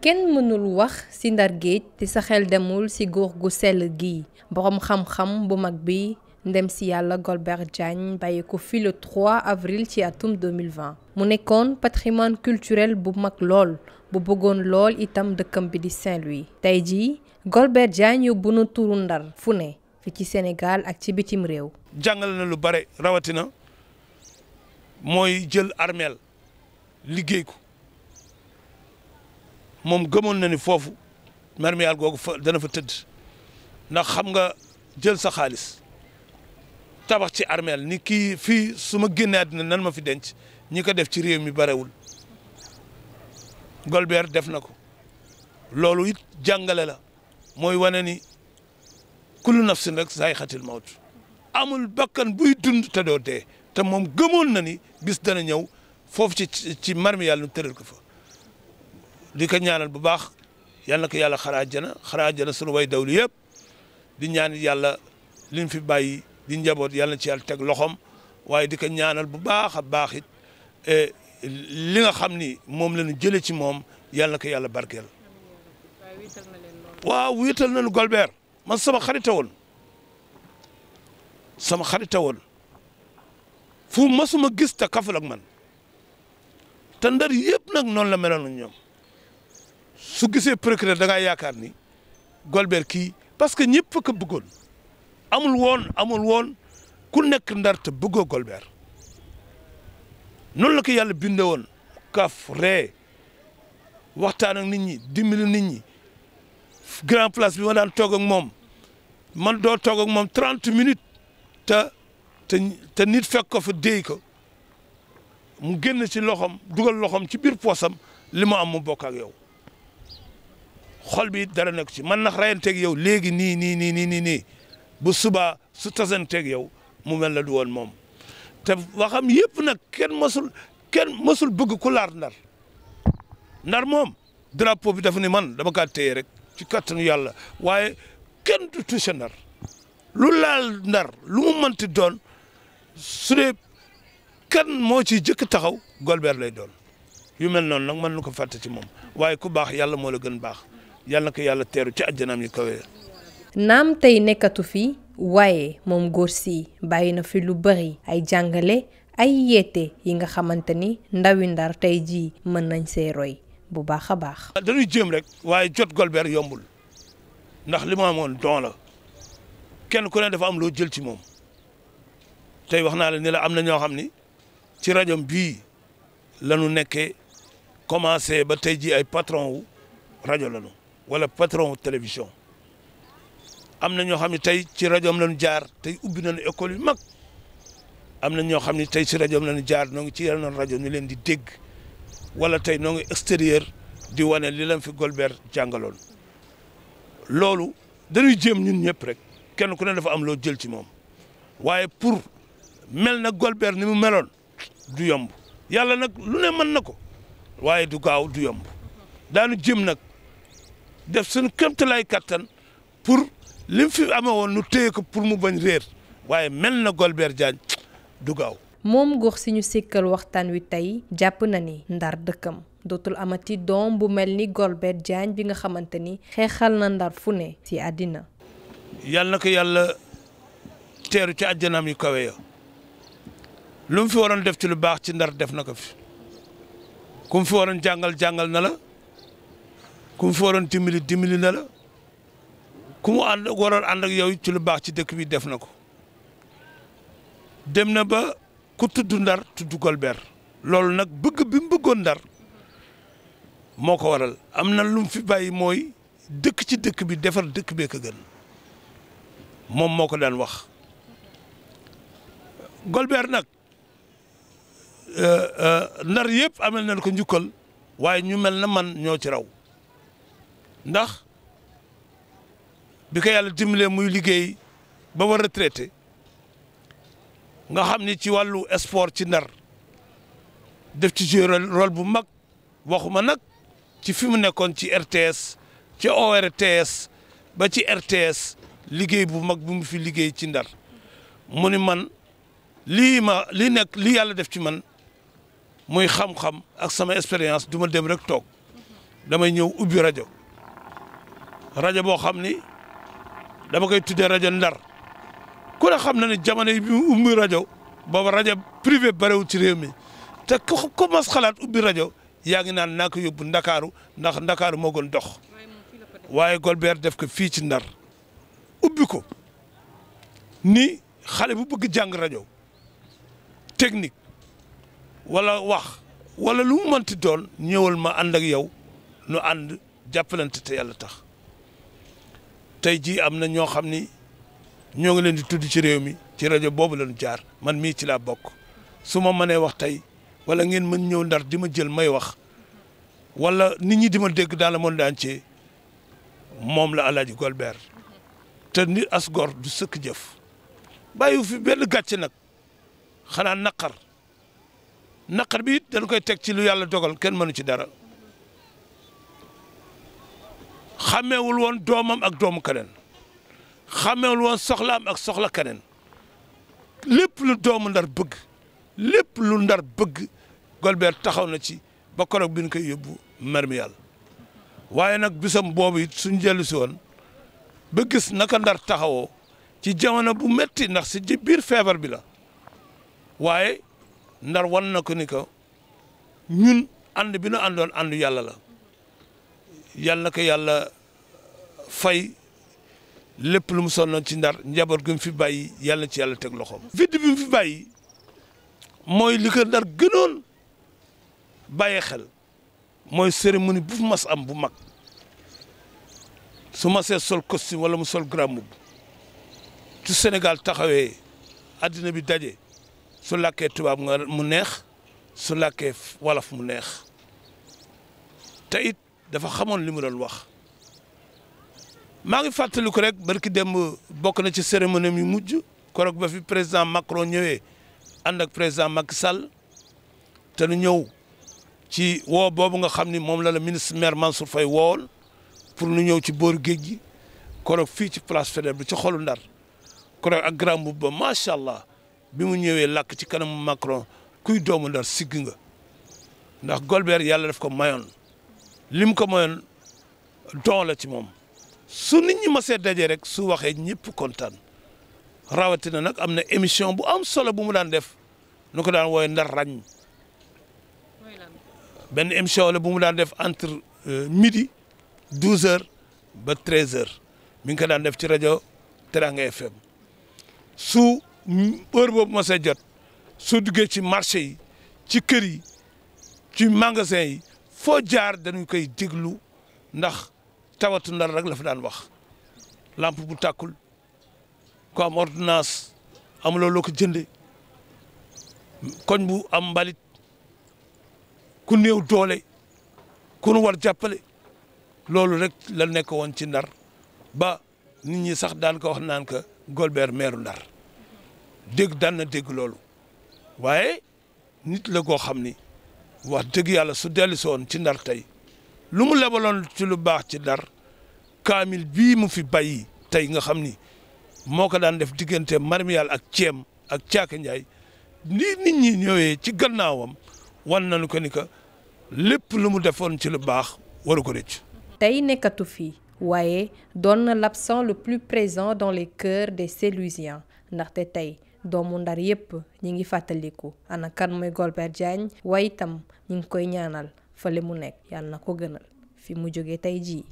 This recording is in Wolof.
kenn mënul wax ci ndar géej te sa xel demul ci góor gu sell gi boroom xam-xam bu mag bi ndem ci yàlla Golbert jañ bàyyi ko fi le 3 avril ci atum mu nekkoon patrimoine culturel bu mag lool bu bëggoon lool itam dëkkam bi di Saint-Louis tey jii Golbert Diagne bu na turu ndar fu ne fi ci Sénégal ak ci bitim réew jàngal na lu bare rawatina mooy jël armeel liggéey ko moom gëmoon na foofu marmeel googu fa dana fa tëdd ndax xam nga jël sa xaalis tabax ci armeel ni kii fii su ma génnee nan ma fi denc ñi ko def ci réew mi barewul Golbert def na ko loolu it jàngale la mooy wane ni kullu nafsin rek saay xatil mawt amul bakkan buy dund te doo dee te moom gëmoon na ni bis dana ñëw foofu ci ci marmi yàlla nu tëral ko fa di ko ñaanal bu baax yal na ko yàlla xaraa jana xaraa jana sunu way dawlu yëpp di ñaan yàlla liñ fi bàyyi di njaboot yàlla na ci yàlla teg loxoom waaye di ko ñaanal bu baax a baax it e, li nga xam ni moom la ñu ci moom yàlla na ko yàlla barkeel. waaw wéetal nañu Golbert man sama xarita woon sama xarita woon fu masuma gis te kaful man te ndar yëpp nag noonu la meloon ñoom su gisee procureur da ngaa yaakaar ni golbeer kii parce que ñëpp ko bëggoon amul woon amul woon ku nekk ndar te bëggoo Golbert noonu la ko yàlla binde woon kaf ree waxtaan ak nit ñi dimbali nit ñi gran place bi ma daan toog ak moom man doo toog ak moom 30 minutes te te nit fekk ko fa déy ko mu génn ci loxom dugal loxom ci biir poosam li mu am mu bokk yow xol bi dara nekk ci man nax rayanteeg yow léegi nii nii nii nii nii nii bu suba su tasanteeg yow mu mel la du moom te waxam yëpp nag kenn mësul kenn mësul bëgg ku laar ndar ndar moom drapeau bi dafa ni man dama kaa téye rek ci kattanu yàlla waaye kenn du touché nar lu laal ndar lu mu mënti doon su dee kan moo ci jëkk taxaw Golbert lay doon yu mel noonu nag mën na ko fàtte ci moom waaye ku baax yàlla moo la gën baax yàlla na ko yàlla teeru ci àjjanaam yi kawe. naam tey nekkatu fi waaye moom góor si bàyyi na fi lu bari ay jàngale ay yeete yi nga xamante ni ndawi ndar tey jii mën nañ see roy bu baax a baax. dañuy jéem rek waaye jot Golbert yombul ndax li ma amoon don la kenn ku ne dafa am loo jël ci moom. tey wax naa la ni am na ñoo xam ni ci rajo bii la ñu nekkee commencé ba tey ji ay patron wu rajo la ñu wala patron wu télévision am na ñoo xam ne tey ci rajoom la ñu jaar tey ubbi nañu école yu mag am na ñoo xam ne tey ci rajoom la ñu jaar noo ngi ci yeneen rajo ñu leen di dégg wala tey noo ngi extérieur di wane li leen fi Golbert jàngaloon loolu dañuy jéem ñun ñëpp rek kenn ku ne dafa am loo jël ci moom waaye pour mel na Golbert ni mu meloon du yomb yàlla nag lu ne mën na ko waaye du gaaw du yomb daanu jëm nag def suñu kéemtalaay kàttan pour li mu fi amee nu téye ko pour mu bañ réer waaye mel na golbeer Diagne du gaaw. moom gox si ñu sikkal waxtaan wi tey jàpp na ni ndar dëkkam dootul amati doom bu mel ni Golbert jaañ bi nga xamante ni xeexal na ndar fu ne ci àddina. yàlla na ko yàlla teeru ci àjjanaam yu kawe ya lu fi waroon def ci lu baax ci ndar def na ko fi ku mu fi waroon jàngal jàngal na la ku mu fi waroon dimbali dimbali na la ku mu ànd waroon ànd ak yow ci lu baax ci dëkk bi def na ko dem na ba ku tudd ndar tudd Golbert loolu nag bëgg bi mu ndar moo ko waral am na lum mu fi bàyyi mooy dëkk ci dëkk bi defar dëkk bee ko gën moom moo ko daan wax Golbert nag Euh, euh, ndar yëpp amel nañ ko njukkal waaye ñu mel na man ñoo ci raw ndax bi yàlla dimbalee muy liggéey ba war retraité nga xam ni ci wàllu sport ci ndar def ci joué rôle bu mag waxuma nag ci fi mu nekkoon ci RTS ci ORTS ba ci RTS liggéey bu mag bu mu fi liggéey ci ndar mu ni man lii ma lii nekk lii yàlla def ci man muy xam-xam ak sama expérience du ma dem rek toog damay ñëw ubbi rajo rajo boo xam ni dama koy tuddee rajo Ndar ku ne xam na ne jamono yi bi ubbi rajo boo rajo privé barewul ci réew mi te ku ko mas xalaat ubbi rajo yaa ngi naan naa ko yóbbu Ndakaaru ndax Ndakaaru moo gën dox waaye Golbert def ko fii ci Ndar ubbi ko ni xale bu bëgg jàng rajo technique wala wax walla lu mu mënti doon ñëwal ma ànd ak yow nu ànd jàppalante te yàlla tax tey jii am na ñoo xam ni ñoo ngi leen di tudd ci réew mi ci rajo boobu lañu jaar man mii ci laa bokk su ma mënee wax tey wala ngeen mën ñëw ndar di ma jël may wax walla nit ñi di ma dégg dans le monde entier moom la Alaaji Golbert te nit as gor sëkk jëf bàyyiwu fi benn gàcce nag xanaa naqar naqar bi it dañ koy teg ci lu yàlla dogal kenn mënu ci dara xàmmeewul woon doomam ak doomu keneen xàmmeewul woon soxlaam ak soxla keneen lépp lu doomu ndar bëgg lépp lu ndar bëgg Golbert taxaw na ci ba korog bi ñu koy yóbbu mermi yàlla waaye nag bisam boobu it suñ jellu si woon ba gis naka ndar taxawoo ci jamono bu metti ndax si biir feebar bi la waaye ndar wan na ko ni ko ñun ànd bi nu àndoon àndu yàlla la yàlla na yàlla fay lépp lu mu sonnoon ci ndar njaboot gi fi bàyyi yàlla ci yàlla teg loxoom. vide bi mu fi bàyyi mooy li ko ndar gënoon bàyyi xel mooy cérémonie bu mas am bu mag su masee sol costume walla mu sol grand mbubb su Sénégal taxawee addina bi daje. su lakkee tubaab nga mu neex su làkkee wolof mu neex te it dafa xamoon li mu doon wax maa ngi fàttali rek barki demb bokk na ci cérémonie yu mujj korog ba fi président Macron ñëwee ànd ak président Macky sal te nu ñëw ci woo boobu nga xam ni moom la la ministre maire Mansour Faye woowoon pour nu ñëw ci boor géej gi korog fii ci place Faidherbe bi ci xolu Ndar korog ak grand mbubb ba macha allah. bi mu ñëwee làkk ci kanamu Macron kuy doomu Ndar sigg nga ndax Golbert yàlla def ko mayoon lim ko mayoon don la ci moom su nit ñi masee dajee rek su waxee ñëpp kontaan rawatina nag am na émission bu am solo bu mu daan def nu ko daan wooye Ndar ràññ benn émission la bu mu daan def entre euh, midi 12h ba 13h mi ngi ko daan def ci rajo Teranga FM su heure boobu mos a jot soo duggee ci marché yi ci kër yi ci magasin yi foo jaar dañu koy déglu ndax tawatu ndar rek la daan wax lampe bu tàkkul ku am ordonnance amuloo loo ko jënde koñ bu am mbalit ku néew doole ku war jàppale loolu rek la nekk woon ci ndar ba nit ñi sax daan ko wax naan ka Golbert meeru ndar dégg daan na dégg loolu waaye nit la goo xam ni wax dëgg yàlla su dellu ci ndar tey lu mu lebaloon ci lu baax ci ndar kaamil bii mu fi bay tey nga xam ni moo ko daan def diggante marmiyal ak ceem ak caaka njaay ni nit ñi ñëwee ci gannaawam wan nañu ko ni que lépp lu mu defoon ci lu baax waru ko rëcc. tey nekkatu fii waaye doon na l'absent le plus présent dans les cœurs des Sélousiens ndaxte tey doomu ndar yépp ñu ngi fàttaliku anakan kan mooy Golbert Diagne waaye itam ñi ngi koy ñaanal fale mu nekk yal na ko gënal fi mu jógee tey jii